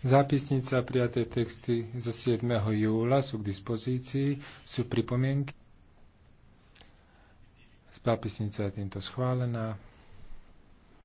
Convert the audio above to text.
Zápisnica a prijaté texty zo 7. júla sú k dispozícii, sú pripomienky. Zápisnica je týmto schválená.